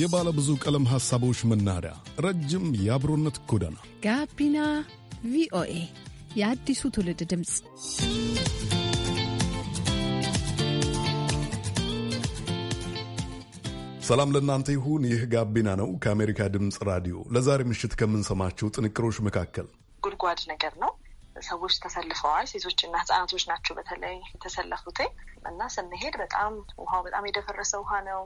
የባለ ብዙ ቀለም ሐሳቦች መናኸሪያ፣ ረጅም የአብሮነት ጎዳና ጋቢና ቪኦኤ የአዲሱ ትውልድ ድምፅ። ሰላም ለእናንተ ይሁን። ይህ ጋቢና ነው ከአሜሪካ ድምፅ ራዲዮ። ለዛሬ ምሽት ከምንሰማቸው ጥንቅሮች መካከል ጉድጓድ ነገር ነው ሰዎች ተሰልፈዋል። ሴቶችና ህጻናቶች ናቸው በተለይ የተሰለፉት እና ስንሄድ በጣም ውሃው በጣም የደፈረሰ ውሃ ነው።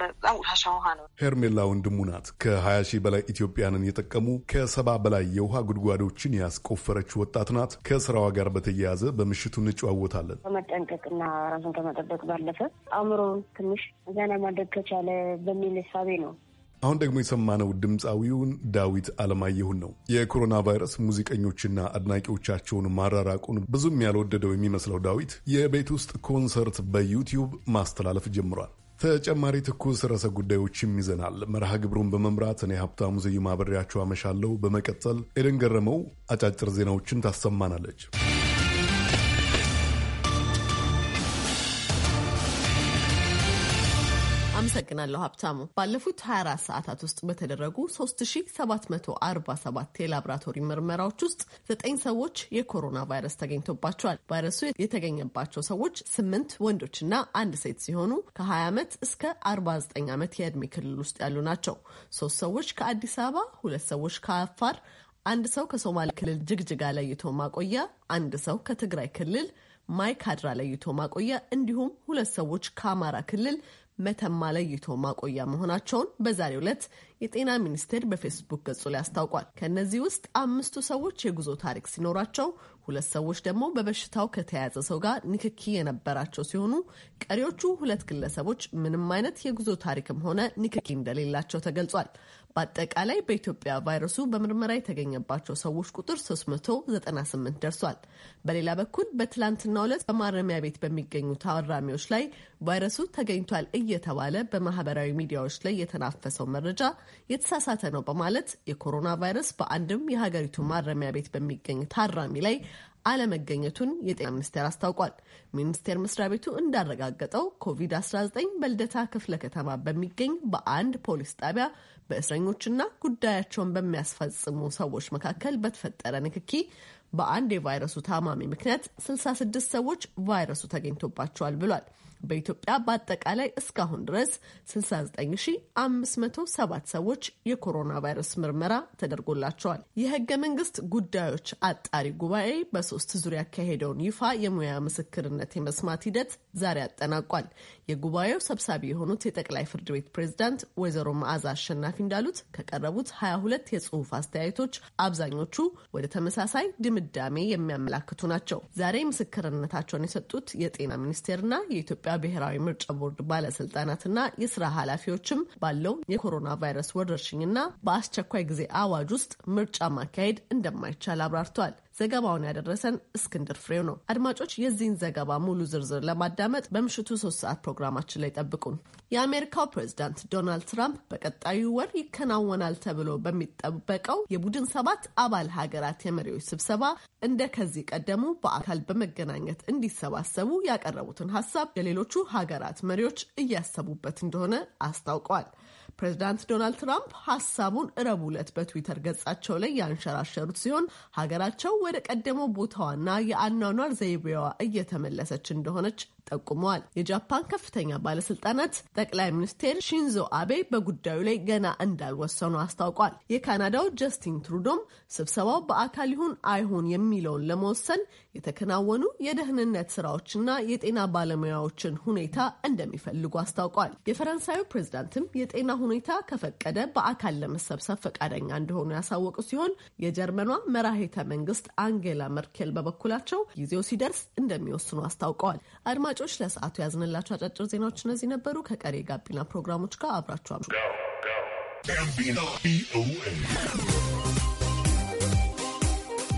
በጣም ቆሻሻ ውሃ ነው። ሄርሜላ ወንድሙ ናት። ከሀያ ሺህ በላይ ኢትዮጵያንን የጠቀሙ ከሰባ በላይ የውሃ ጉድጓዶችን ያስቆፈረች ወጣት ናት። ከስራዋ ጋር በተያያዘ በምሽቱ እንጨዋወታለን። በመጠንቀቅና ራሱን ከመጠበቅ ባለፈ አእምሮ ትንሽ ዘና ማድረግ ከቻለ በሚል ሳቤ ነው አሁን ደግሞ የሰማነው ድምፃዊውን ዳዊት አለማየሁን ነው። የኮሮና ቫይረስ ሙዚቀኞችና አድናቂዎቻቸውን ማራራቁን ብዙም ያልወደደው የሚመስለው ዳዊት የቤት ውስጥ ኮንሰርት በዩቲዩብ ማስተላለፍ ጀምሯል። ተጨማሪ ትኩስ ርዕሰ ጉዳዮችም ይዘናል። መርሃ ግብሩን በመምራት እኔ ሀብታሙ ዘዩ ማበሪያቸው አመሻለሁ። በመቀጠል ኤደን ገረመው አጫጭር ዜናዎችን ታሰማናለች። አመሰግናለሁ ሀብታሙ። ባለፉት 24 ሰዓታት ውስጥ በተደረጉ 3747 የላብራቶሪ ምርመራዎች ውስጥ ዘጠኝ ሰዎች የኮሮና ቫይረስ ተገኝቶባቸዋል። ቫይረሱ የተገኘባቸው ሰዎች ስምንት ወንዶችና አንድ ሴት ሲሆኑ ከ20 ዓመት እስከ 49 ዓመት የዕድሜ ክልል ውስጥ ያሉ ናቸው። ሶስት ሰዎች ከአዲስ አበባ፣ ሁለት ሰዎች ከአፋር፣ አንድ ሰው ከሶማሌ ክልል ጅግጅጋ ለይቶ ማቆያ፣ አንድ ሰው ከትግራይ ክልል ማይካድራ ለይቶ ማቆያ እንዲሁም ሁለት ሰዎች ከአማራ ክልል መተማ ለይቶ ማቆያ መሆናቸውን በዛሬ ዕለት የጤና ሚኒስቴር በፌስቡክ ገጹ ላይ አስታውቋል። ከእነዚህ ውስጥ አምስቱ ሰዎች የጉዞ ታሪክ ሲኖራቸው፣ ሁለት ሰዎች ደግሞ በበሽታው ከተያያዘ ሰው ጋር ንክኪ የነበራቸው ሲሆኑ ቀሪዎቹ ሁለት ግለሰቦች ምንም አይነት የጉዞ ታሪክም ሆነ ንክኪ እንደሌላቸው ተገልጿል። በአጠቃላይ በኢትዮጵያ ቫይረሱ በምርመራ የተገኘባቸው ሰዎች ቁጥር 398 ደርሷል። በሌላ በኩል በትላንትናው ዕለት በማረሚያ ቤት በሚገኙ ታራሚዎች ላይ ቫይረሱ ተገኝቷል እየተባለ በማህበራዊ ሚዲያዎች ላይ የተናፈሰው መረጃ የተሳሳተ ነው በማለት የኮሮና ቫይረስ በአንድም የሀገሪቱ ማረሚያ ቤት በሚገኝ ታራሚ ላይ አለመገኘቱን የጤና ሚኒስቴር አስታውቋል። ሚኒስቴር መስሪያ ቤቱ እንዳረጋገጠው ኮቪድ-19 በልደታ ክፍለ ከተማ በሚገኝ በአንድ ፖሊስ ጣቢያ በእስረኞችና ጉዳያቸውን በሚያስፈጽሙ ሰዎች መካከል በተፈጠረ ንክኪ በአንድ የቫይረሱ ታማሚ ምክንያት 66 ሰዎች ቫይረሱ ተገኝቶባቸዋል ብሏል። በኢትዮጵያ በአጠቃላይ እስካሁን ድረስ 69507 ሰዎች የኮሮና ቫይረስ ምርመራ ተደርጎላቸዋል። የህገ መንግስት ጉዳዮች አጣሪ ጉባኤ በሶስት ዙር ያካሄደውን ይፋ የሙያ ምስክርነት የመስማት ሂደት ዛሬ አጠናቋል። የጉባኤው ሰብሳቢ የሆኑት የጠቅላይ ፍርድ ቤት ፕሬዝዳንት ወይዘሮ መዓዛ አሸናፊ እንዳሉት ከቀረቡት 22 የጽሁፍ አስተያየቶች አብዛኞቹ ወደ ተመሳሳይ ድምዳሜ የሚያመላክቱ ናቸው። ዛሬ ምስክርነታቸውን የሰጡት የጤና ሚኒስቴርና የኢትዮጵያ ብሔራዊ ምርጫ ቦርድ ባለስልጣናትና የስራ ኃላፊዎችም ባለው የኮሮና ቫይረስ ወረርሽኝና በአስቸኳይ ጊዜ አዋጅ ውስጥ ምርጫ ማካሄድ እንደማይቻል አብራርተዋል። ዘገባውን ያደረሰን እስክንድር ፍሬው ነው። አድማጮች የዚህን ዘገባ ሙሉ ዝርዝር ለማዳመጥ በምሽቱ ሶስት ሰዓት ፕሮግራማችን ላይ ጠብቁን። የአሜሪካው ፕሬዚዳንት ዶናልድ ትራምፕ በቀጣዩ ወር ይከናወናል ተብሎ በሚጠበቀው የቡድን ሰባት አባል ሀገራት የመሪዎች ስብሰባ እንደ ከዚህ ቀደሙ በአካል በመገናኘት እንዲሰባሰቡ ያቀረቡትን ሀሳብ የሌሎቹ ሀገራት መሪዎች እያሰቡበት እንደሆነ አስታውቀዋል። ፕሬዚዳንት ዶናልድ ትራምፕ ሀሳቡን ረቡዕ ዕለት በትዊተር ገጻቸው ላይ ያንሸራሸሩት ሲሆን ሀገራቸው ወደ ቀደመው ቦታዋና የአኗኗር ዘይቤዋ እየተመለሰች እንደሆነች ጠቁመዋል። የጃፓን ከፍተኛ ባለስልጣናት ጠቅላይ ሚኒስቴር ሺንዞ አቤ በጉዳዩ ላይ ገና እንዳልወሰኑ አስታውቋል። የካናዳው ጀስቲን ትሩዶም ስብሰባው በአካል ይሁን አይሁን የሚለውን ለመወሰን የተከናወኑ የደህንነት ስራዎችና የጤና ባለሙያዎችን ሁኔታ እንደሚፈልጉ አስታውቋል። የፈረንሳዩ ፕሬዝዳንትም የጤና ሁኔታ ከፈቀደ በአካል ለመሰብሰብ ፈቃደኛ እንደሆኑ ያሳወቁ ሲሆን የጀርመኗ መራሄተ መንግስት አንጌላ መርኬል በበኩላቸው ጊዜው ሲደርስ እንደሚወስኑ አስታውቀዋል። አድማጮች ለሰዓቱ ያዝንላቸው አጫጭር ዜናዎች እነዚህ ነበሩ። ከቀሪ የጋቢና ፕሮግራሞች ጋር አብራችኋል።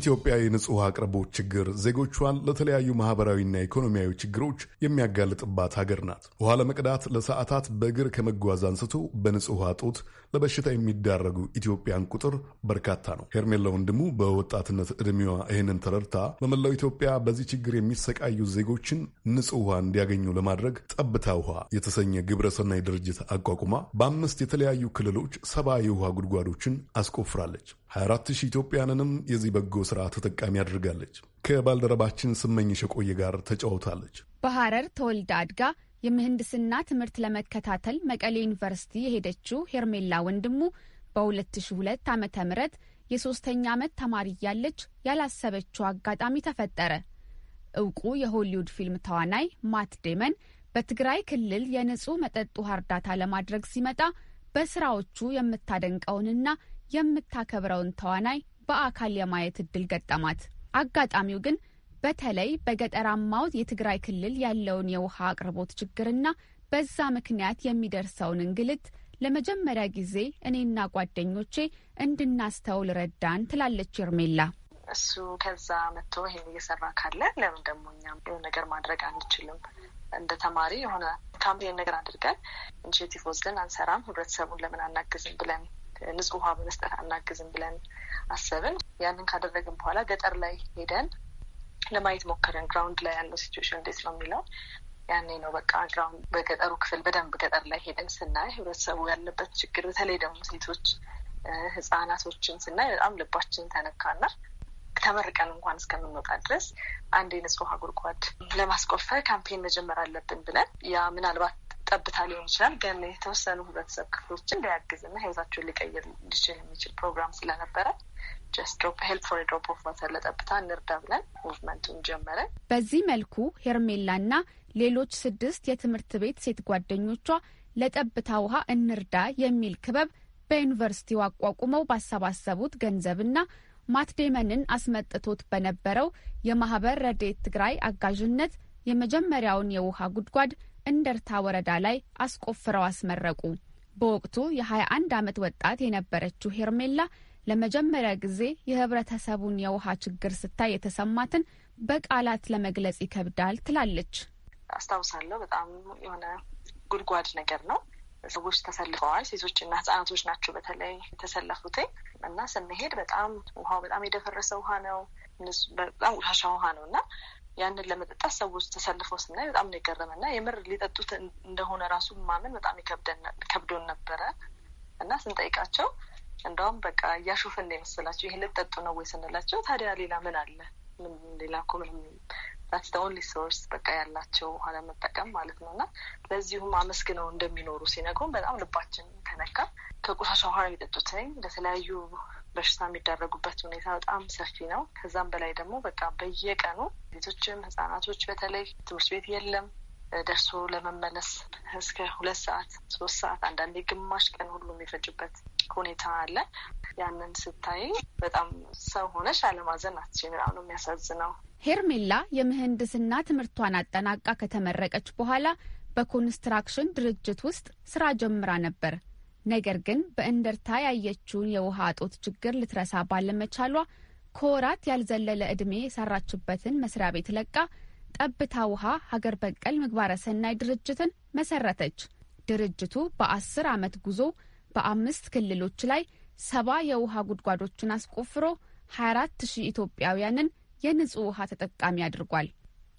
ኢትዮጵያ የንጹህ ውሃ አቅርቦት ችግር ዜጎቿን ለተለያዩ ማህበራዊና ኢኮኖሚያዊ ችግሮች የሚያጋልጥባት ሀገር ናት። ውሃ ለመቅዳት ለሰዓታት በእግር ከመጓዝ አንስቶ በንጹህ ውሃ እጦት ለበሽታ የሚዳረጉ ኢትዮጵያን ቁጥር በርካታ ነው። ሄርሜላ ወንድሙ በወጣትነት ዕድሜዋ ይህንን ተረድታ በመላው ኢትዮጵያ በዚህ ችግር የሚሰቃዩ ዜጎችን ንጹህ ውሃ እንዲያገኙ ለማድረግ ጠብታ ውሃ የተሰኘ ግብረሰናይ ድርጅት አቋቁማ በአምስት የተለያዩ ክልሎች ሰባ የውሃ ጉድጓዶችን አስቆፍራለች። 24,000 ኢትዮጵያንንም የዚህ በጎ ስራ ተጠቃሚ አድርጋለች። ከባልደረባችን ስመኝሽ የቆየ ጋር ተጫውታለች። በሐረር ተወልዳ አድጋ የምህንድስና ትምህርት ለመከታተል መቀሌ ዩኒቨርሲቲ የሄደችው ሄርሜላ ወንድሙ በ2002 ዓ ም የሶስተኛ ዓመት ተማሪ እያለች ያላሰበችው አጋጣሚ ተፈጠረ። እውቁ የሆሊውድ ፊልም ተዋናይ ማት ዴመን በትግራይ ክልል የንጹህ መጠጥ ውሃ እርዳታ ለማድረግ ሲመጣ በስራዎቹ የምታደንቀውንና የምታከብረውን ተዋናይ በአካል የማየት እድል ገጠማት። አጋጣሚው ግን በተለይ በገጠራማው የትግራይ ክልል ያለውን የውሃ አቅርቦት ችግርና በዛ ምክንያት የሚደርሰውን እንግልት ለመጀመሪያ ጊዜ እኔና ጓደኞቼ እንድናስተውል ረዳን ትላለች ርሜላ። እሱ ከዛ መጥቶ ይሄን እየሰራ ካለ ለምን ደግሞ እኛም የሆነ ነገር ማድረግ አንችልም? እንደ ተማሪ የሆነ ካምፔን ነገር አድርገን ኢኒሽቲቭ ወስደን አንሰራም? ህብረተሰቡን ለምን አናግዝም ብለን ንጹህ ውሃ በመስጠት አናግዝም ብለን አሰብን። ያንን ካደረግን በኋላ ገጠር ላይ ሄደን ለማየት ሞከረን፣ ግራውንድ ላይ ያለው ሲቹዌሽን እንዴት ነው የሚለው። ያኔ ነው በቃ ግራውንድ በገጠሩ ክፍል በደንብ ገጠር ላይ ሄደን ስናይ ህብረተሰቡ ያለበት ችግር፣ በተለይ ደግሞ ሴቶች ህጻናቶችን ስናይ በጣም ልባችን ተነካና ተመርቀን እንኳን እስከምንወጣ ድረስ አንድ የንጹህ ውሃ ጉድጓድ ለማስቆፈር ካምፔን መጀመር አለብን ብለን ያ ምናልባት ጠብታ ሊሆን ይችላል፣ ግን የተወሰኑ ህብረተሰብ ክፍሎችን ሊያግዝ እና ህይወታቸውን ሊቀይር እንዲችል የሚችል ፕሮግራም ስለነበረ ሄልፕ ፎር ድሮፕ ኦፍ ለጠብታ እንርዳ ብለን ሙቭመንቱን ጀመረ። በዚህ መልኩ ሄርሜላና ሌሎች ስድስት የትምህርት ቤት ሴት ጓደኞቿ ለጠብታ ውሃ እንርዳ የሚል ክበብ በዩኒቨርሲቲው አቋቁመው ባሰባሰቡት ገንዘብና ማትዴመንን አስመጥቶት በነበረው የማህበር ረዴት ትግራይ አጋዥነት የመጀመሪያውን የውሃ ጉድጓድ እንደርታ ወረዳ ላይ አስቆፍረው አስመረቁ። በወቅቱ የ21 ዓመት ወጣት የነበረችው ሄርሜላ ለመጀመሪያ ጊዜ የህብረተሰቡን የውሃ ችግር ስታይ የተሰማትን በቃላት ለመግለጽ ይከብዳል ትላለች። አስታውሳለሁ። በጣም የሆነ ጉድጓድ ነገር ነው። ሰዎች ተሰልፈዋል። ሴቶችና ህጻናቶች ናቸው በተለይ የተሰለፉት እና ስንሄድ በጣም ውሃው በጣም የደፈረሰ ውሃ ነው። በጣም ቆሻሻ ውሃ ነው እና ያንን ለመጠጣት ሰዎች ተሰልፈው ስናይ በጣም ነው የገረመና የምር ሊጠጡት እንደሆነ ራሱ ማመን በጣም ከብዶን ነበረ እና ስንጠይቃቸው እንደውም በቃ እያሾፍን ነው የመሰላቸው። ይሄን ልጠጡ ነው ወይ ስንላቸው ታዲያ ሌላ ምን አለ? ምን ሌላ እኮ ምንም ኦንሊ ሶርስ በቃ ያላቸው ውሃ ለመጠቀም ማለት ነው። እና ለዚሁም አመስግነው እንደሚኖሩ ሲነግሩን በጣም ልባችን ተነካ። ከቆሻሻ ውሃ ነው የሚጠጡትኝ ለተለያዩ በሽታ የሚዳረጉበት ሁኔታ በጣም ሰፊ ነው። ከዛም በላይ ደግሞ በቃ በየቀኑ ቤቶችም ህጻናቶች በተለይ ትምህርት ቤት የለም ደርሶ ለመመለስ እስከ ሁለት ሰዓት ሶስት ሰዓት አንዳንዴ ግማሽ ቀን ሁሉ የሚፈጅበት ሁኔታ አለ። ያንን ስታይ በጣም ሰው ሆነሽ አለማዘን አትችይም። በጣም ነው የሚያሳዝነው። ሄርሜላ የምህንድስና ትምህርቷን አጠናቃ ከተመረቀች በኋላ በኮንስትራክሽን ድርጅት ውስጥ ስራ ጀምራ ነበር። ነገር ግን በእንደርታ ያየችውን የውሃ እጦት ችግር ልትረሳ ባለመቻሏ ከወራት ያልዘለለ ዕድሜ የሰራችበትን መስሪያ ቤት ለቃ ጠብታ ውሃ ሀገር በቀል ምግባረ ሰናይ ድርጅትን መሰረተች። ድርጅቱ በአስር ዓመት ጉዞ በአምስት ክልሎች ላይ ሰባ የውሃ ጉድጓዶችን አስቆፍሮ 24 ሺህ ኢትዮጵያውያንን የንጹህ ውሃ ተጠቃሚ አድርጓል።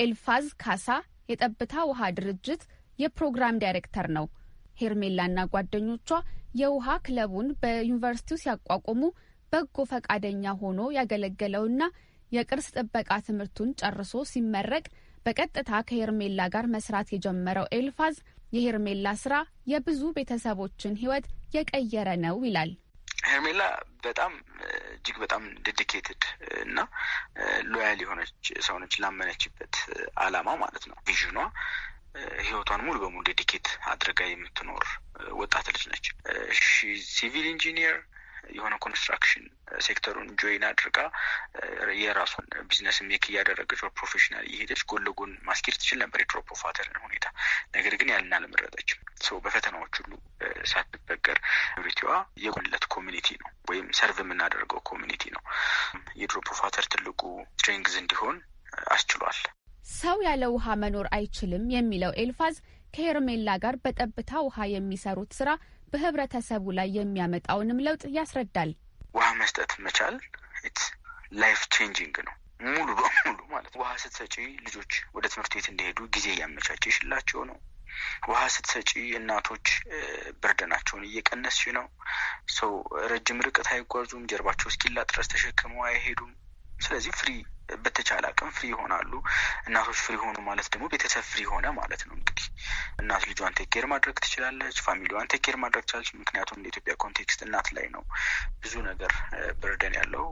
ኤልፋዝ ካሳ የጠብታ ውሃ ድርጅት የፕሮግራም ዳይሬክተር ነው። ሄርሜላና ጓደኞቿ የውሃ ክለቡን በዩኒቨርሲቲው ሲያቋቁሙ በጎ ፈቃደኛ ሆኖ ያገለገለውና የቅርስ ጥበቃ ትምህርቱን ጨርሶ ሲመረቅ በቀጥታ ከሄርሜላ ጋር መስራት የጀመረው ኤልፋዝ የሄርሜላ ስራ የብዙ ቤተሰቦችን ህይወት የቀየረ ነው ይላል። ሄርሜላ በጣም እጅግ በጣም ዴዲኬትድ እና ሎያል የሆነች ሰውነች ላመነችበት አላማ ማለት ነው ቪዥኗ ህይወቷን ሙሉ በሙሉ ዴዲኬት አድርጋ የምትኖር ወጣት ልጅ ነች። ሲቪል ኢንጂኒየር የሆነ ኮንስትራክሽን ሴክተሩን ጆይን አድርጋ የራሷን ቢዝነስ ሜክ እያደረገች ፕሮፌሽናል እየሄደች ጎን ለጎን ማስኬድ ትችል ነበር የድሮ ፕሮፋተርን ሁኔታ። ነገር ግን ያንን አልመረጠችም። ሰው በፈተናዎች ሁሉ ሳትበገር ሪቲዋ የጎንለት ኮሚኒቲ ነው ወይም ሰርቭ የምናደርገው ኮሚኒቲ ነው። የድሮ ፕሮፋተር ትልቁ ስትሬንግዝ እንዲሆን አስችሏል። ሰው ያለ ውሃ መኖር አይችልም የሚለው ኤልፋዝ ከሄርሜላ ጋር በጠብታ ውሃ የሚሰሩት ስራ በህብረተሰቡ ላይ የሚያመጣውንም ለውጥ ያስረዳል። ውሃ መስጠት መቻል ላይፍ ቼንጂንግ ነው ሙሉ በሙሉ ማለት ውሃ ስትሰጪ ልጆች ወደ ትምህርት ቤት እንዲሄዱ ጊዜ እያመቻቸሽላቸው ነው። ውሃ ስትሰጪ እናቶች ብርደናቸውን እየቀነስሽ ነው። ሰው ረጅም ርቀት አይጓዙም። ጀርባቸው እስኪላጥ ድረስ ተሸክመው አይሄዱም። ስለዚህ ፍሪ በተቻለ አቅም ፍሪ ይሆናሉ። እናቶች ፍሪ ሆኑ ማለት ደግሞ ቤተሰብ ፍሪ ሆነ ማለት ነው። እንግዲህ እናት ልጇን ቴኬር ማድረግ ትችላለች፣ ፋሚሊዋን ቴኬር ማድረግ ትችላለች። ምክንያቱም የኢትዮጵያ ኮንቴክስት እናት ላይ ነው ብዙ ነገር ብርደን ያለው።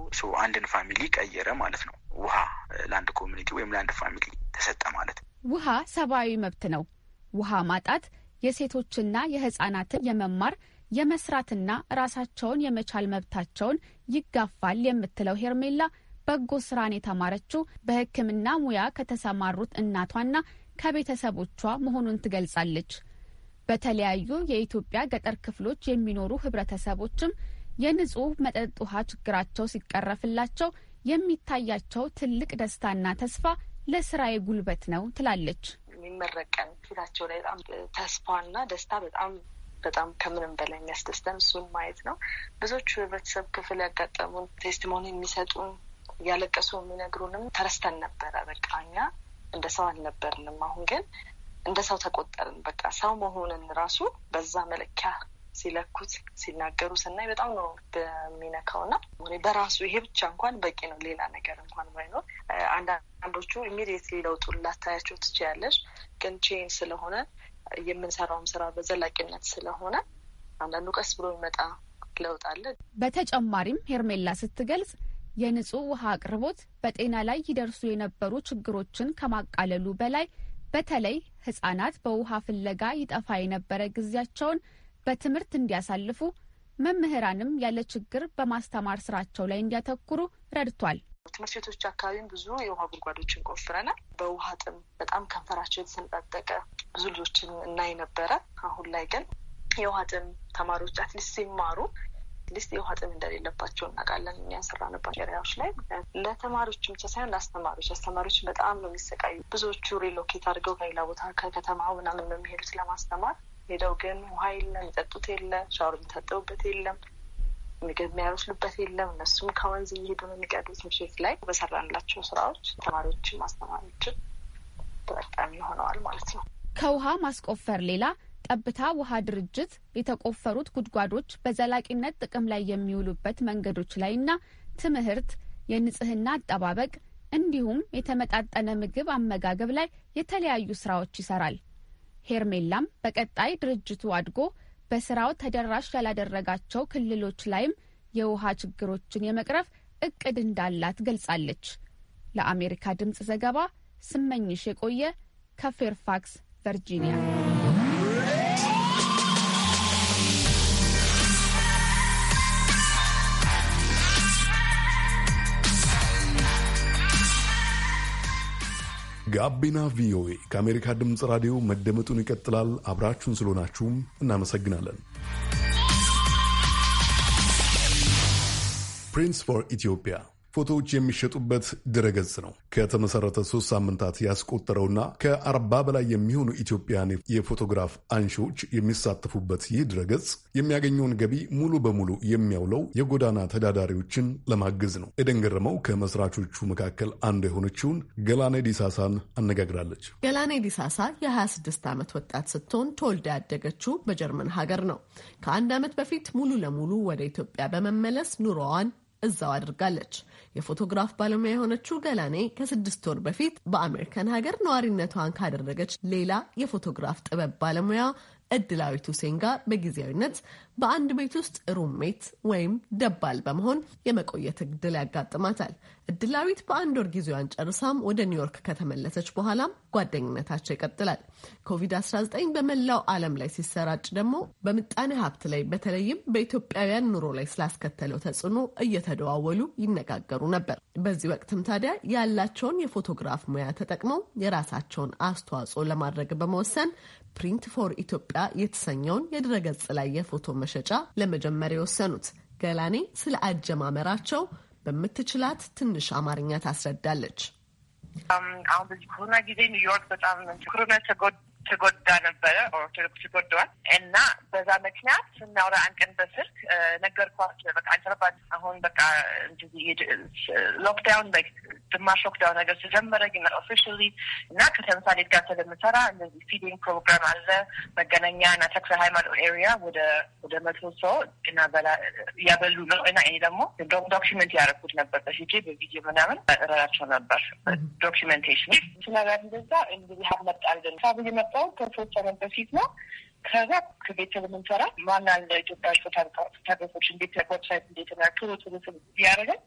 አንድን ፋሚሊ ቀየረ ማለት ነው። ውሃ ለአንድ ኮሚኒቲ ወይም ለአንድ ፋሚሊ ተሰጠ ማለት ነው። ውሃ ሰብአዊ መብት ነው። ውሃ ማጣት የሴቶችና የህጻናትን የመማር የመስራትና ራሳቸውን የመቻል መብታቸውን ይጋፋል የምትለው ሄርሜላ በጎ ስራን የተማረችው በሕክምና ሙያ ከተሰማሩት እናቷና ከቤተሰቦቿ መሆኑን ትገልጻለች። በተለያዩ የኢትዮጵያ ገጠር ክፍሎች የሚኖሩ ህብረተሰቦችም የንጹህ መጠጥ ውሃ ችግራቸው ሲቀረፍላቸው የሚታያቸው ትልቅ ደስታና ተስፋ ለስራዬ ጉልበት ነው ትላለች። የሚመረቅ ቀን ፊታቸው ላይ በጣም ተስፋና ደስታ በጣም በጣም ከምንም በላይ የሚያስደስተን እሱን ማየት ነው። ብዙዎቹ ህብረተሰብ ክፍል ያጋጠሙን ቴስቲሞኒ የሚሰጡን እያለቀሱ የሚነግሩንም ተረስተን ነበረ። በቃ እኛ እንደ ሰው አልነበርንም። አሁን ግን እንደ ሰው ተቆጠርን። በቃ ሰው መሆንን ራሱ በዛ መለኪያ ሲለኩት ሲናገሩ ስናይ በጣም ነው በሚነካው እና በራሱ ይሄ ብቻ እንኳን በቂ ነው። ሌላ ነገር እንኳን ባይኖር አንዳንዶቹ ኢሚዲየት ሊለውጡ ላታያቸው ትችያለሽ፣ ግን ቼን ስለሆነ የምንሰራውም ስራ በዘላቂነት ስለሆነ አንዳንዱ ቀስ ብሎ ይመጣ ለውጥ አለ። በተጨማሪም ሄርሜላ ስትገልጽ የንጹህ ውሃ አቅርቦት በጤና ላይ ይደርሱ የነበሩ ችግሮችን ከማቃለሉ በላይ በተለይ ህጻናት በውሃ ፍለጋ ይጠፋ የነበረ ጊዜያቸውን በትምህርት እንዲያሳልፉ መምህራንም ያለ ችግር በማስተማር ስራቸው ላይ እንዲያተኩሩ ረድቷል። ትምህርት ቤቶች አካባቢም ብዙ የውሃ ጉድጓዶችን ቆፍረናል። በውሃ ጥም በጣም ከንፈራቸው የተሰንጣጠቀ ብዙ ልጆችን እናይ ነበረ። አሁን ላይ ግን የውሃ ጥም ተማሪዎች አትሊስት ሲማሩ አትሊስት የውሃ ጥም እንደሌለባቸው እናውቃለን። እኛ የሰራንባቸው ኤሪያዎች ላይ ለተማሪዎች ብቻ ሳይሆን ለአስተማሪዎች አስተማሪዎች በጣም ነው የሚሰቃዩ። ብዙዎቹ ሪሎኬት አድርገው ከሌላ ቦታ ከከተማ ምናምን ነው የሚሄዱት ለማስተማር ሄደው ግን ውሃ የለም፣ የሚጠጡት የለ፣ ሻወር የሚታጠቡበት የለም፣ ምግብ የሚያበስሉበት የለም። እነሱም ከወንዝ እየሄዱ ነው የሚቀዱት። ምሽት ላይ በሰራንላቸው ስራዎች ተማሪዎችም አስተማሪዎችም ተጠቃሚ ሆነዋል ማለት ነው። ከውሃ ማስቆፈር ሌላ ጠብታ ውሃ ድርጅት የተቆፈሩት ጉድጓዶች በዘላቂነት ጥቅም ላይ የሚውሉበት መንገዶች ላይና ትምህርት፣ የንጽህና አጠባበቅ እንዲሁም የተመጣጠነ ምግብ አመጋገብ ላይ የተለያዩ ስራዎች ይሰራል። ሄርሜላም በቀጣይ ድርጅቱ አድጎ በስራው ተደራሽ ያላደረጋቸው ክልሎች ላይም የውሃ ችግሮችን የመቅረፍ እቅድ እንዳላት ገልጻለች። ለአሜሪካ ድምፅ ዘገባ ስመኝሽ የቆየ ከፌርፋክስ ቨርጂኒያ ጋቢና ቪኦኤ ከአሜሪካ ድምፅ ራዲዮ መደመጡን ይቀጥላል። አብራችሁን ስለሆናችሁም እናመሰግናለን። ፕሪንስ ፎር ኢትዮጵያ ፎቶዎች የሚሸጡበት ድረገጽ ነው። ከተመሰረተ ሶስት ሳምንታት ያስቆጠረውና ከአርባ በላይ የሚሆኑ ኢትዮጵያን የፎቶግራፍ አንሺዎች የሚሳተፉበት ይህ ድረገጽ የሚያገኘውን ገቢ ሙሉ በሙሉ የሚያውለው የጎዳና ተዳዳሪዎችን ለማገዝ ነው። ኤደን ገረመው ከመስራቾቹ መካከል አንዱ የሆነችውን ገላኔ ዲሳሳን አነጋግራለች። ገላኔ ዲሳሳ የ26 ዓመት ወጣት ስትሆን ተወልዳ ያደገችው በጀርመን ሀገር ነው። ከአንድ ዓመት በፊት ሙሉ ለሙሉ ወደ ኢትዮጵያ በመመለስ ኑሮዋን እዛው አድርጋለች። የፎቶግራፍ ባለሙያ የሆነችው ገላኔ ከስድስት ወር በፊት በአሜሪካን ሀገር ነዋሪነቷን ካደረገች ሌላ የፎቶግራፍ ጥበብ ባለሙያ እድላዊት ሁሴን ጋር በጊዜያዊነት በአንድ ቤት ውስጥ ሩሜት ወይም ደባል በመሆን የመቆየት እድል ያጋጥማታል። እድላዊት በአንድ ወር ጊዜዋን ጨርሳም ወደ ኒውዮርክ ከተመለሰች በኋላም ጓደኝነታቸው ይቀጥላል። ኮቪድ-19 በመላው ዓለም ላይ ሲሰራጭ ደግሞ በምጣኔ ሀብት ላይ በተለይም በኢትዮጵያውያን ኑሮ ላይ ስላስከተለው ተጽዕኖ እየተደዋወሉ ይነጋገሩ ነበር። በዚህ ወቅትም ታዲያ ያላቸውን የፎቶግራፍ ሙያ ተጠቅመው የራሳቸውን አስተዋጽኦ ለማድረግ በመወሰን ፕሪንት ፎር ኢትዮጵያ የተሰኘውን የድረገጽ ላይ የፎቶ መሸጫ ለመጀመር የወሰኑት ገላኔ ስለ አጀማመራቸው በምትችላት ትንሽ አማርኛ ታስረዳለች። አሁን በዚህ ኮሮና ጊዜ ኒውዮርክ በጣም ኮሮና ተጎዳ ነበረ። ኦርቶዶክስ ተጎደዋል እና በዛ ምክንያት ስናወራ አንድ ቀን በስልክ ነገርኳት። በቃ አልተረባ አሁን በቃ ሎክዳውን ግማሽ ሎክዳውን ነገር ተጀመረ፣ ግን ኦፊሻሊ እና ከተምሳሌት ጋር ስለምሰራ እንደዚህ ፊዲንግ ፕሮግራም አለ። መገናኛ እና ተክለ ሃይማኖት ኤሪያ ወደ ወደ መቶ ሰው እያበሉ ነው እና ይሄ ደግሞ ዶክመንት ያደረኩት ነበር በፊቴ በቪዲዮ ምናምን እረዳቸው ነበር። ዶክመንቴሽን ስለጋር እንደዛ እንግዲህ ሀብ መጣ ሳብ የመጣው ከሶስት ዓመት በፊት ነው። ከዛ ከቤተሰብ ምንሰራ ማና ለኢትዮጵያ ፎቶግራፎችን ቤተ ዌብሳይት እንዴት ና ቶሎ ቶሎ ያደረገን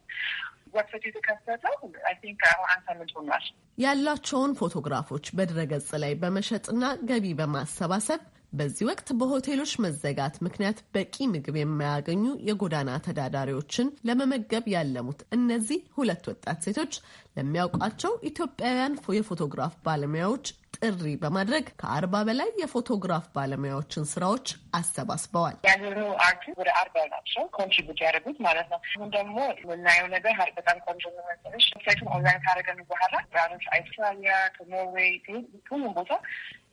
ዌብሳይት የተከፈተው አይ ቲንክ አንድ ሳምንት ሆኗል። ያላቸውን ፎቶግራፎች በድረገጽ ላይ በመሸጥና ገቢ በማሰባሰብ በዚህ ወቅት በሆቴሎች መዘጋት ምክንያት በቂ ምግብ የማያገኙ የጎዳና ተዳዳሪዎችን ለመመገብ ያለሙት እነዚህ ሁለት ወጣት ሴቶች ለሚያውቋቸው ኢትዮጵያውያን የፎቶግራፍ ባለሙያዎች ጥሪ በማድረግ ከአርባ በላይ የፎቶግራፍ ባለሙያዎችን ስራዎች አሰባስበዋል። ያዘኑ አርቱ ወደ አርባ ናቸው ኮንትሪቡት ያደርጉት ማለት ነው። አሁን ደግሞ የምናየው ነገር ሀር በጣም ቆንጆ መሰለሽ። ዌብሳይቱን ኦንላይን ካደረገን በኋላ ራኖች አውስትራሊያ ከኖርዌይ ሁሉም ቦታ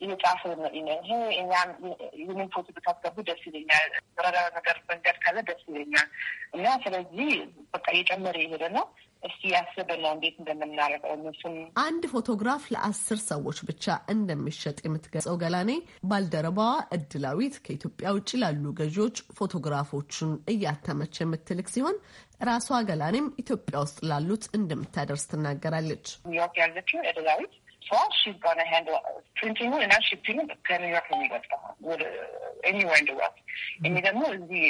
እየጻፈ ነው። ይሄ እኛም ይህንን ፎቶ ብታስገቡ ደስ ይለኛል። ረዳ ነገር መንገድ ካለ ደስ ይለኛል እና ስለዚህ በቃ እየጨመረ የሄደ ነው። እስቲ ያስብና እንዴት እንደምናደርገው እነሱም አንድ ፎቶግራፍ ለአስር ሰዎች ብቻ እንደሚሸጥ የምትገልጸው ገላኔ ባልደረባዋ እድላዊት ከኢትዮጵያ ውጭ ላሉ ገዢዎች ፎቶግራፎቹን እያተመች የምትልክ ሲሆን ራሷ ገላኔም ኢትዮጵያ ውስጥ ላሉት እንደምታደርስ ትናገራለች። ኒውዮርክ ያለችው እድላዊት ፕሪንቲንጉ እና ሺፒንግ ከኒውዮርክ የሚገጥመው ኤኒወር ድዋት እኔ ደግሞ እዚህ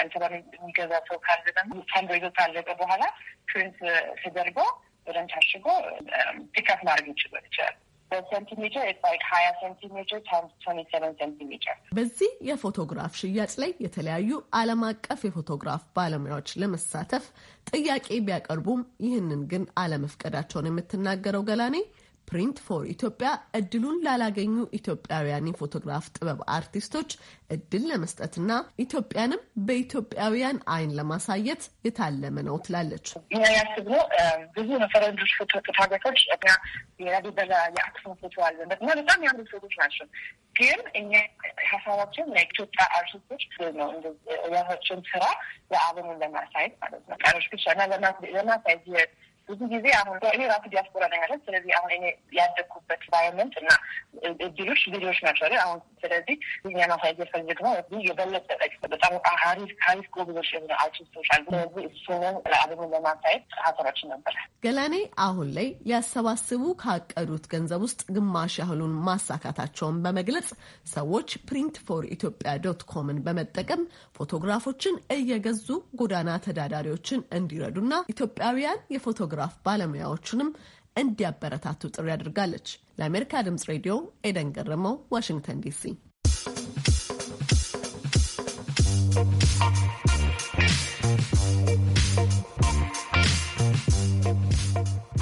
አዲስ አበባ የሚገዛ ሰው ካለ ደግሞ ይዞ ካለቀ በኋላ ፕሪንት ተደርጎ በደንብ ታሽጎ ፒካፕ ማድረግ ይችላል። በሴንቲሜትር ሀያ ሴንቲሜትር ትዌንቲ ሰቨን ሴንቲሜትር። በዚህ የፎቶግራፍ ሽያጭ ላይ የተለያዩ ዓለም አቀፍ የፎቶግራፍ ባለሙያዎች ለመሳተፍ ጥያቄ ቢያቀርቡም ይህንን ግን አለመፍቀዳቸውን የምትናገረው ገላኔ ፕሪንት ፎር ኢትዮጵያ እድሉን ላላገኙ ኢትዮጵያውያን የፎቶግራፍ ጥበብ አርቲስቶች እድል ለመስጠትና ኢትዮጵያንም በኢትዮጵያውያን አይን ለማሳየት የታለመ ነው ትላለች። ያስብሎ ብዙ ፈረንጆች ፎቶግራፎች እና የላሊበላ የአክሱም ፎቶ አለን እና በጣም ያሉ ፎቶች ናቸው። ግን እኛ ሀሳባችን ለኢትዮጵያ አርቲስቶች ነው የራሳቸውን ስራ ለአለሙን ለማሳየት ማለት ነው ቃሎች ብቻ እና ለማሳየት ብዙ ጊዜ አሁን እኔ ራሱ ዲያስፖራ ነኝ አይደል? ስለዚህ አሁን እኔ ያደግኩበት ኢንቫይሮንመንት እና እድሎች ልጆች ናቸው አሁን ስለዚህ ኛ ማሳየት ፈልግ ነው የበለጠ በጣም ሀሪፍ ሀሪፍ ጎብዞች አርቲስቶች አሉ። ስለዚህ እሱንም ለአብኑ ለማሳየት ሀገሮች ነበረ። ገላኔ አሁን ላይ ሊያሰባስቡ ካቀዱት ገንዘብ ውስጥ ግማሽ ያህሉን ማሳካታቸውን በመግለጽ ሰዎች ፕሪንት ፎር ኢትዮጵያ ዶት ኮምን በመጠቀም ፎቶግራፎችን እየገዙ ጎዳና ተዳዳሪዎችን እንዲረዱና ኢትዮጵያውያን የፎቶግራፍ ባለሙያዎችንም እንዲያበረታቱ ጥሪ አድርጋለች። ለአሜሪካ ድምጽ ሬዲዮ ኤደን ገረመው፣ ዋሽንግተን ዲሲ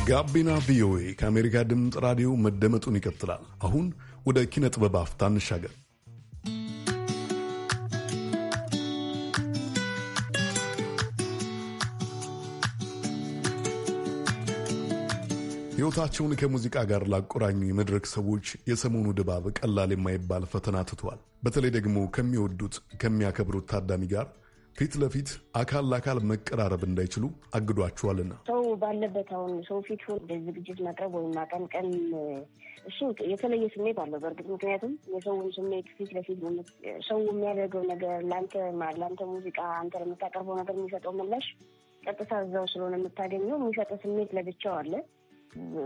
ጋቢና ቪኦኤ ከአሜሪካ ድምፅ ራዲዮ መደመጡን ይቀጥላል። አሁን ወደ ኪነ ጥበብ አፍታ እንሻገር። ሕይወታቸውን ከሙዚቃ ጋር ላቆራኙ የመድረክ ሰዎች የሰሞኑ ድባብ ቀላል የማይባል ፈተና ትቷል። በተለይ ደግሞ ከሚወዱት ከሚያከብሩት ታዳሚ ጋር ፊት ለፊት አካል ለአካል መቀራረብ እንዳይችሉ አግዷቸዋልና ሰው ባለበት አሁን ሰው ፊት ሆኖ በዝግጅት ማቅረብ ወይም ማቀንቀን እሱ የተለየ ስሜት አለው በእርግጥ ምክንያቱም የሰውን ስሜት ፊት ለፊት ሰው የሚያደርገው ነገር ለአንተ ለአንተ ሙዚቃ አንተ ለምታቀርበው ነገር የሚሰጠው ምላሽ ቀጥታ እዛው ስለሆነ የምታገኘው የሚሰጠው ስሜት ለብቻው አለ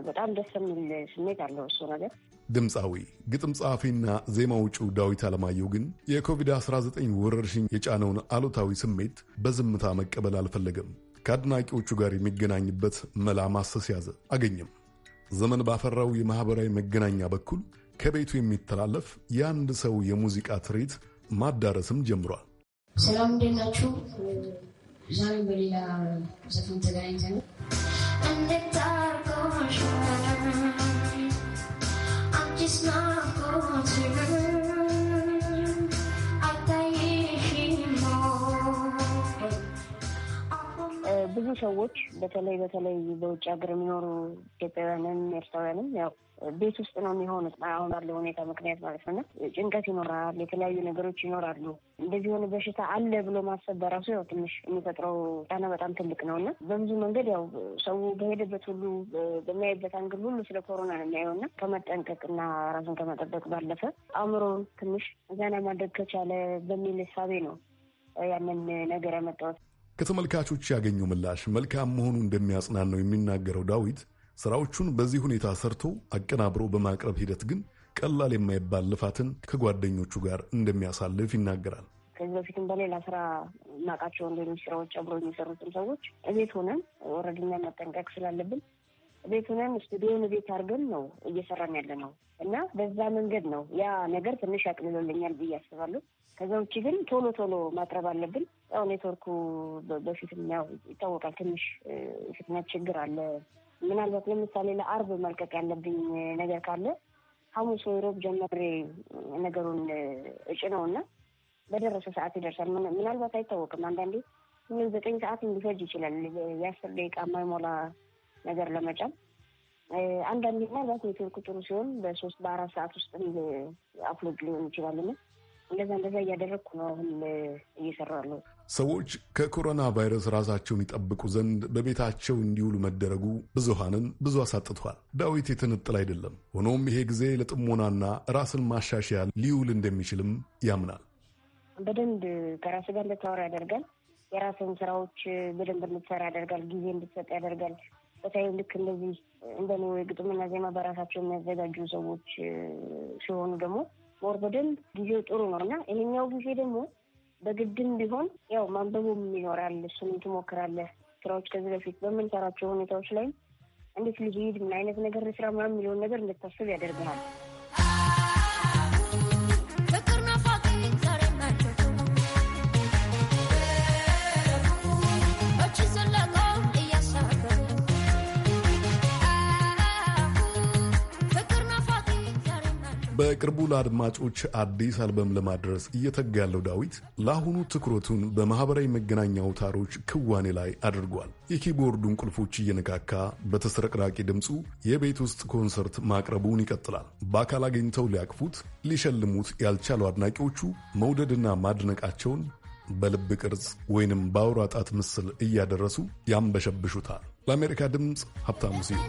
በጣም ደስ የሚል ስሜት አለው እሱ ነገር። ድምፃዊ ግጥም ጸሐፊና ዜማ ውጪው ዳዊት አለማየሁ ግን የኮቪድ-19 ወረርሽኝ የጫነውን አሉታዊ ስሜት በዝምታ መቀበል አልፈለገም። ከአድናቂዎቹ ጋር የሚገናኝበት መላ ማሰስ ያዘ አገኘም። ዘመን ባፈራው የማኅበራዊ መገናኛ በኩል ከቤቱ የሚተላለፍ የአንድ ሰው የሙዚቃ ትርኢት ማዳረስም ጀምሯል። ሰላም፣ እንዴት ናችሁ? ዛሬ በሌላ ዘፈን ተገናኝተናል። I'm just not going to ብዙ ሰዎች በተለይ በተለይ በውጭ ሀገር የሚኖሩ ኢትዮጵያውያንም ኤርትራውያንም ያው ቤት ውስጥ ነው የሚሆኑት አሁን ባለው ሁኔታ ምክንያት ማለት ነው። ጭንቀት ይኖራል፣ የተለያዩ ነገሮች ይኖራሉ። እንደዚህ የሆነ በሽታ አለ ብሎ ማሰብ በራሱ ያው ትንሽ የሚፈጥረው ጫና በጣም ትልቅ ነው እና በብዙ መንገድ ያው ሰው በሄደበት ሁሉ በሚያይበት አንግል ሁሉ ስለ ኮሮና ነው የሚያየው እና ከመጠንቀቅ ራሱን ከመጠበቅ ባለፈ አእምሮን ትንሽ ዘና ማድረግ ከቻለ በሚል እሳቤ ነው ያንን ነገር ያመጣሁት። ከተመልካቾች ያገኘው ምላሽ መልካም መሆኑ እንደሚያጽናናው የሚናገረው ዳዊት ስራዎቹን በዚህ ሁኔታ ሰርቶ አቀናብሮ በማቅረብ ሂደት ግን ቀላል የማይባል ልፋትን ከጓደኞቹ ጋር እንደሚያሳልፍ ይናገራል። ከዚህ በፊትም በሌላ ስራ ማቃቸው ወንዶች ስራዎች አብሮ የሚሰሩትን ሰዎች እቤት ሆነን ወረድኛ መጠንቀቅ ስላለብን ቤት ሆነን ስቱዲዮን ቤት አድርገን ነው እየሰራን ያለ ነው እና በዛ መንገድ ነው ያ ነገር ትንሽ ያቅልሎልኛል ብዬ አስባለሁ። ከዛ ውጭ ግን ቶሎ ቶሎ ማቅረብ አለብን። ያው ኔትወርኩ በፊትም ያው ይታወቃል፣ ትንሽ ፍጥነት ችግር አለ። ምናልባት ለምሳሌ ለአርብ መልቀቅ ያለብኝ ነገር ካለ ሐሙስ ወይ ሮብ ጀመሬ ነገሩን እጭ ነው እና በደረሰ ሰዓት ይደርሳል። ምናልባት አይታወቅም። አንዳንዴ ምን ዘጠኝ ሰዓት ሊፈጅ ይችላል የአስር ደቂቃ የማይሞላ ነገር ለመጫን። አንዳንዴ ምናልባት ኔትወርክ ጥሩ ሲሆን በሶስት በአራት ሰዓት ውስጥ አፕሎድ ሊሆን ይችላል። እንደዛ እንደዛ እያደረግኩ ነው አሁን እየሰራ ነው። ሰዎች ከኮሮና ቫይረስ ራሳቸውን ይጠብቁ ዘንድ በቤታቸው እንዲውሉ መደረጉ ብዙሃንን ብዙ አሳጥቷል። ዳዊት የተንጥል አይደለም። ሆኖም ይሄ ጊዜ ለጥሞናና ራስን ማሻሻያ ሊውል እንደሚችልም ያምናል። በደንብ ከራስ ጋር እንድታወራ ያደርጋል። የራስን ስራዎች በደንብ እንድትሰራ ያደርጋል። ጊዜ እንድትሰጥ ያደርጋል። በተለይ ልክ እንደዚህ እንደኔ ግጥምና ዜማ በራሳቸው የሚያዘጋጁ ሰዎች ሲሆኑ ደግሞ ሞር በደንብ ጊዜው ጥሩ ነው እና ይሄኛው ጊዜ ደግሞ በግድም ቢሆን ያው ማንበቡም ይኖራል። እሱንም ትሞክራለህ። ስራዎች ከዚህ በፊት በምንሰራቸው ሁኔታዎች ላይ እንዴት ልሂድ፣ ምን አይነት ነገር ስራ ምናምን የሚለውን ነገር እንድታስብ ያደርግሃል። በቅርቡ ለአድማጮች አዲስ አልበም ለማድረስ እየተጋ ያለው ዳዊት ለአሁኑ ትኩረቱን በማኅበራዊ መገናኛ አውታሮች ክዋኔ ላይ አድርጓል። የኪቦርዱን ቁልፎች እየነካካ በተስረቅራቂ ድምፁ የቤት ውስጥ ኮንሰርት ማቅረቡን ይቀጥላል። በአካል አግኝተው ሊያቅፉት፣ ሊሸልሙት ያልቻሉ አድናቂዎቹ መውደድና ማድነቃቸውን በልብ ቅርጽ ወይንም በአውራ ጣት ምስል እያደረሱ ያንበሸብሹታል። ለአሜሪካ ድምፅ ሀብታሙ ሲሆን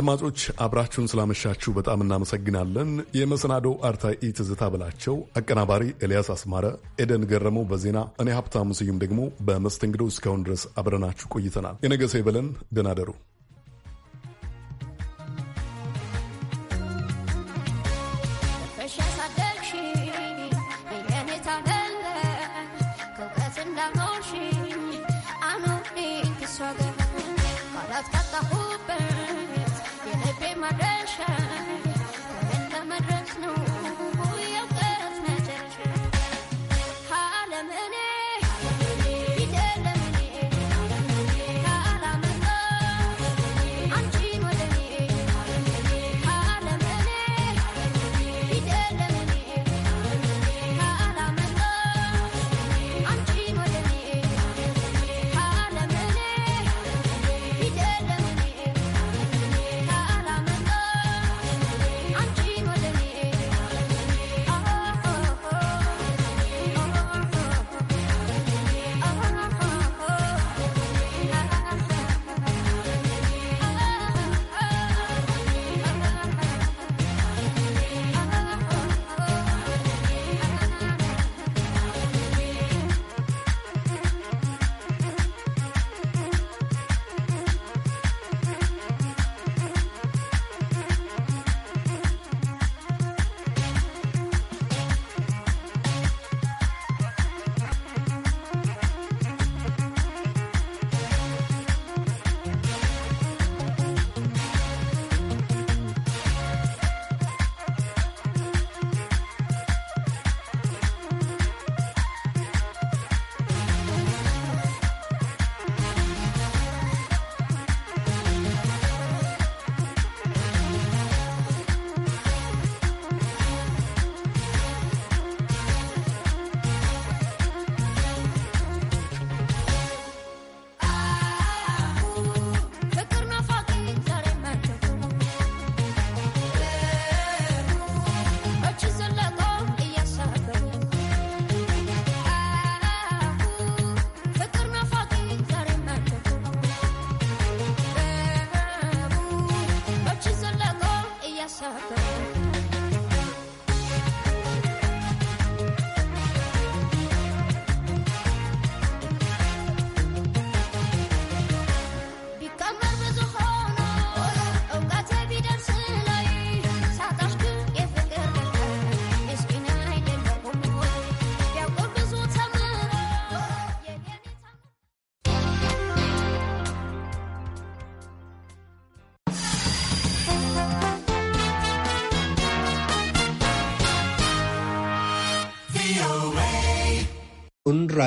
አድማጮች አብራችሁን ስላመሻችሁ በጣም እናመሰግናለን። የመሰናዶ አርታኢ ትዝታ ብላቸው አቀናባሪ ኤልያስ አስማረ፣ ኤደን ገረመው በዜና እኔ ሀብታሙ ስዩም ደግሞ በመስተንግዶ እስካሁን ድረስ አብረናችሁ ቆይተናል። የነገሰ በለን ይበለን። ደሩ።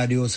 Adiós.